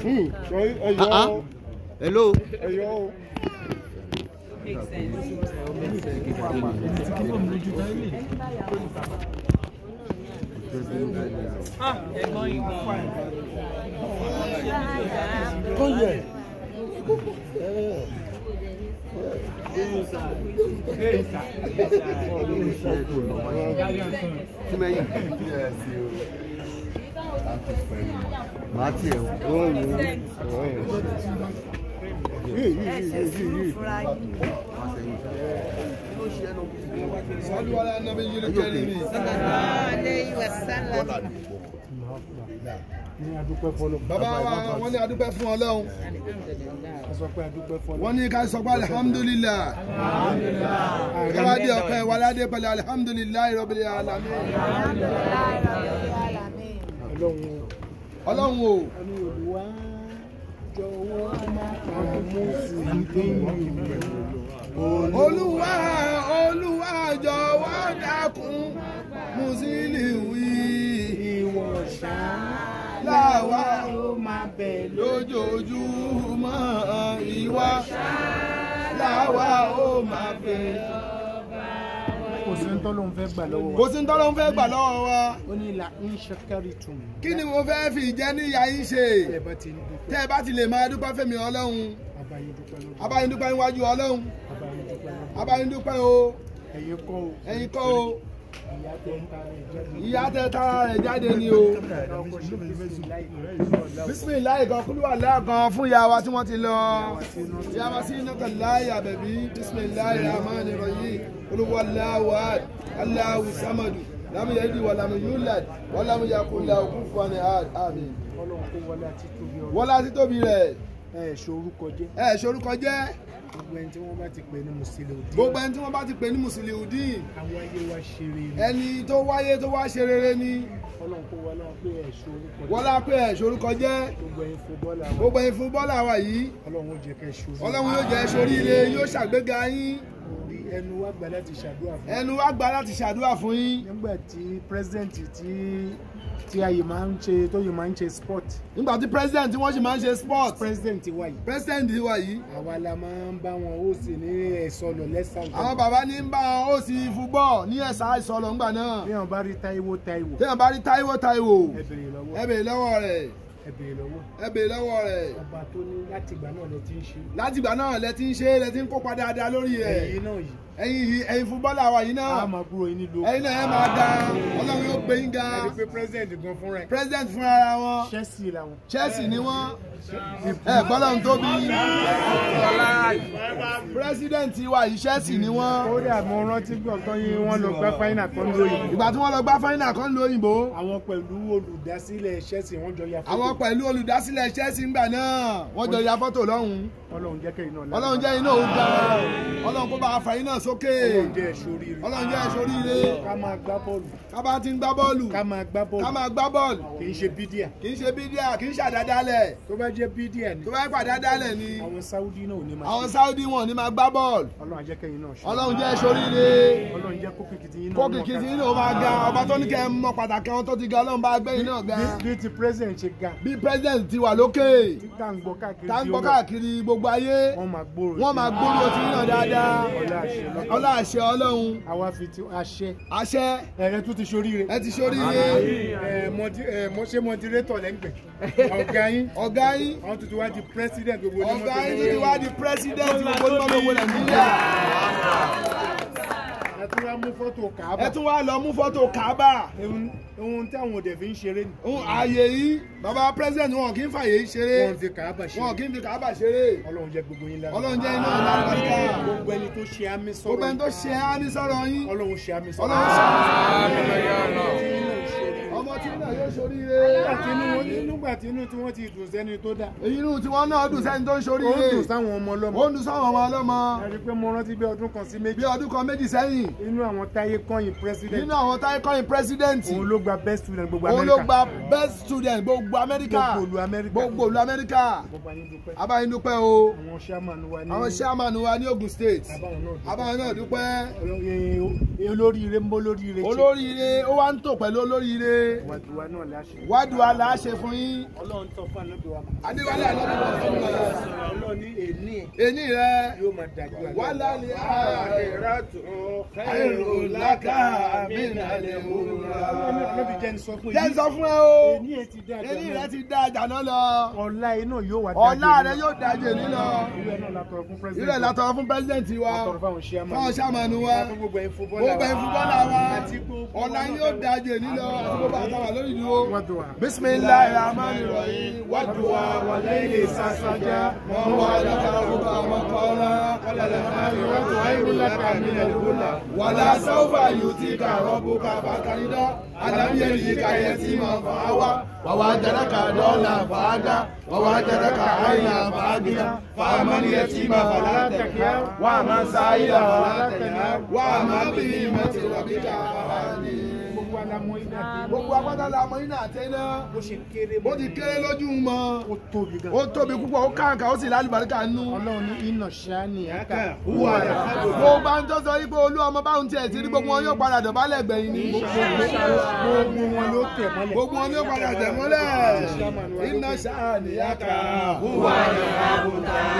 ẹ̀yọ́ hmm. uh-uh. hello. ẹ̀yọ́ Ah, ẹ̀gbọ́n ìgbọ̀n. Tó yẹ. Too many màá tiẹ̀ wọ́n wò wa wọ́n ní adúpẹ́ fún Ọlọ́run. Wọ́n ní ọlọ́run o ọlọ́run o. ẹni olùwà jọ̀wọ́ máa mú ìdí olúwa olúwa jọ̀wọ́ dákun mùsílíù ìwọ ṣá làwa ó máa bẹ̀ lójoojúmọ́ ìwọ ṣá làwa ó máa bẹ̀ lójoojúmọ́ ń tọ́ lóun fẹ́ gbà lọ́wọ́ wa. kò sí ń tọ́ lóun fẹ́ gbà lọ́wọ́ wa. ó ní ilà ń ṣọkẹ́rì tù mí. kí ni mo fẹ́ fi ìjẹ́ níyà yín ṣe. tẹ́ ẹ bá ti lè máa dúpẹ́ fẹ́mi ọlọ́run. abáyédúpẹ́ níwájú ọlọ́run. abáyédúpẹ́ o. ẹ̀yin o. ẹ̀yin kọ́ o. ìyá tẹ tara rẹ̀ jáde ni o. bisimilayi kan kúlú wà lẹ́ẹ̀kan fún ìyá wa tí wọ́n ti lọ. ìyá wa sí iná kan láyà bẹ̀bí bisimilayi amánirọ̀ yìí olúwa láwàd aláwù sámàdù lámì yẹdi wà lámì yúlad wà lámì yakunla òkú fani àmì. wọlá títóbi rẹ̀. ẹ ẹ sorúkọ jẹ́. ẹ ẹ sorúkọ jẹ́. gbogbo ẹni tí wọ́n bá ti pè ní mùsùlùmí. gbogbo ẹni tí wọ́n bá ti pè ní mùsùlùmí. àwọn ayé wa ṣe rere. ẹni tó wáyé tó wá ṣe rere ni wọ́lá pé ẹ̀ sorúkọ jẹ́ gbogbo ẹ̀yin fún bọ́ọ̀lù àwa yìí ọlọ́run yóò jẹ́ ẹ ṣoríire yóò ṣàgbéga yín ẹnu wa gba láti ṣàdúrà fún yín. ẹnu wa gba láti ṣàdúrà fún yín. nígbà tí president ti tí ayé máa ń ṣe tó yìí máa ń ṣe sport. nígbà tí president wọ́n sì máa ń ṣe sport. president wa yìí. president wa yìí. àwa la máa ń bá wọn ó sì ní ẹ̀sọ́lọ̀ lẹ́sà ìjọba. àwọn bàbá ní ń bá wọn ó sì fúbọ̀ ní ẹ̀sà ìsọ̀lọ̀ ńgbà náà. bí wọn bá rí Táíwò Táíwò. bí wọn bá rí Táíwò Táíwò. ẹ bèrè lọ́wọ́ rẹ̀ ẹ béèrè lọ́wọ́. ẹ béèrè lọ́wọ́ rẹ̀. ọba tó ní látìgbà náà lẹ ti ń ṣe. látìgbà náà lẹ ti ń ṣe lẹ ti ń kópa dáadáa lórí ẹ̀. ẹ̀yin náà yìí ẹ̀yin ẹ̀yin fúbọ́là wa yìí náà ẹ̀yin náà ẹ máa da ọlọ́run yóò gbé yín ga president fún ara wọn Chelsea ni wọ́n ẹ gbọ́dọ̀ ń tóbi president wa yìí Chelsea ni wọ́n. kódà mo rántí gbọ̀ngàn yìí wọ́n lọ gbá fáínà kan lóyìnbó. ìgbà tí wọ́n lọ gbá fáínà kan lóyìnbó. àwọn pẹ̀lú olùdásílẹ̀ Chelsea wọ́n jọ ya fọ́tò. àwọn pẹ̀lú olùdásílẹ̀ Chelsea ńgbà náà wọ́n jọ ya fọ́tò lọ́hùn-ún. ọlọ́run jẹ́ kẹ́yìn náà. ọlọ́run jẹ́ iná òun gan-an ọlọ́run kó bá afàyín náà sókè ọlọ́run jẹ́ ẹ̀ṣorí ire ah, ká máa gbá bọ́ọ̀lù ká bá ti ń gbá bọ́ọ̀lù ká máa gbá bọ́ọ̀lù ká máa gbá bọ́ọ̀lù kì í ṣe bídíà kì í ṣe bídíà kì í ṣàdádálẹ̀ tó bá jẹ́ bídíà ni tó bá pàdádálẹ̀ ni àwọn sáúdí náà ò ní máa àwọn sáúdí wọn ò ní máa gbá bọ́ọ̀lù ọlọ́run jẹ́ kẹ́yìn náà ṣe ọlọ́run jẹ́ ẹ̀ṣorí ire ọlọ́run jẹ́ kókìkìtì yín náà máa ga ọba tó ní kẹ́ ẹ mọ pàtàkì àwọn tó ti ga ọlọ́run bá gbẹ́yìn náà ga bí ti president ṣe ga bí president ti wà lókè tá ń gbọ́ káàkiri gbogbo ayé wọ́n máa gbòòrò sí yín náà dáadáa ọlá àṣẹ ọlọ́run. àwa fi ti àṣẹ. àṣẹ. ẹ̀rẹ́ tún ti ṣoríire. ẹ ti ṣoríire. ẹ ṣe mọdirétọ̀ lẹ́gbẹ̀ẹ́. ọ̀gá yín. ọ̀gá yín. àwọn tuntun wá di president gbogbo onímọ̀tò lówó. ọ̀gá yín tuntun wá di president gbogbo onímọ̀tò lówó nàìjíríà ẹ tún wá mú fọ́tò Kaaba. ẹ tún wá lọ mú fọ́tò Kaaba. ohun tí àwọn òde fi ń ṣeré ni. ohun ààyè yìí bàbá president wọn kì í fààyè yìí ṣeré. wọn fi Kaaba ṣeré. wọn kì í fi Kaaba ṣeré. Ọlọ́run jẹ gbogbo yín lára. Ọlọ́run jẹ iná ìlà àbáríkà. gbogbo ẹni tó ṣe àmì sọ̀rọ̀ yín. gbogbo ẹni tó ṣe àmì yín. Ọlọ́run ṣe àmì yín ọmọ tí náà yóò ṣoríire. nígbà tí inú tí wọ́n ti dùn sẹ́ni tó dà. èyí inú tí wọ́n náà dùn sẹ́ni tó ń ṣoríire. ó dùn sáwọn ọmọ ọlọ́mọ. ó dùn sáwọn ọmọ ọlọ́mọ. ẹni pé mo rántí bí ọdún kan sí méjì. bí ọdún kan méjì sẹ́yìn. inú àwọn táyé kọ́yìn president. inú àwọn táyé kọ́yìn president. òun ló gba best student gbogbo Amẹ́ríkà. òun ló gba best student gbogbo Amẹ́ríkà. gbogbo olú Amẹ́ríkà. abayin dúpẹ́ o. àwọn chairman wa ní Ogun State. abayin náà dúpẹ́. olóríire ń bọ́ olóríire. olóríire ó wá ń tò pẹ̀lú olóríire wádùá là á ṣe fún yín. ọlọ́run tọ́ fún àlọ́dọ̀ wa. adéwálé àlọ́dọ̀ wa fún mi. ọlọ́run ní èní ẹ̀. èní rẹ. yóò máa dájú àlọ́. wálá ni àìrà tó ẹ̀rù lákàmínà lè mú ra. jẹ́ ń sọ fún ẹ o. èní ẹ ti dájú rẹ ti da àjàná lọ. ọ̀la inú yóò wá dájú èmi lọ. ọ̀la rẹ yóò dájú èmi lọ. irú ẹ̀ látọ̀rọ̀ fún pẹ́sidẹ̀ntì wa. fún ṣàmánù wa. gbogbo ẹ̀ fúbọ́là wa. ọ̀la yóò dájú èmi lọ. àti gbogbo àtàwà lórí ìdúró. bisimilayi rahmani rahim wàdùwà wàlẹ́ ilé sàṣàjà. wọ́n wà lọ́kà ọba ọmọkọ́lá. wàlá sọ́fà yóò ti kà rọ́bù kà bàtà nídọ́. àdàbí ẹ̀yìn kà yẹ ti mọ̀ fà á wá. ووجدك ضالا فهدى ووجدك عينا فأغنى فمن يتيم فلا تكفر ومن سعيد فلا تنهر ومن بنعمة ربك فهدي gbogbo apáta la mọ iná àtẹná bó ti kéré lójú mọ ó tóbi púpọ̀ ó kàǹkà ó sì lálùbáríkà nú. ọlọ́run ní iná ṣáàní àkà wúwa rẹ̀. mo bá ń tọ́sọ yí pé olú ọmọ báwọn tiẹ̀ ti rí gbogbo wọn yóò padà dọ̀bálẹ̀ gbẹ̀yìn ni. gbogbo wọn ló padà tẹ̀ mọ́lẹ̀. iná ṣáàní àkà wúwa rẹ̀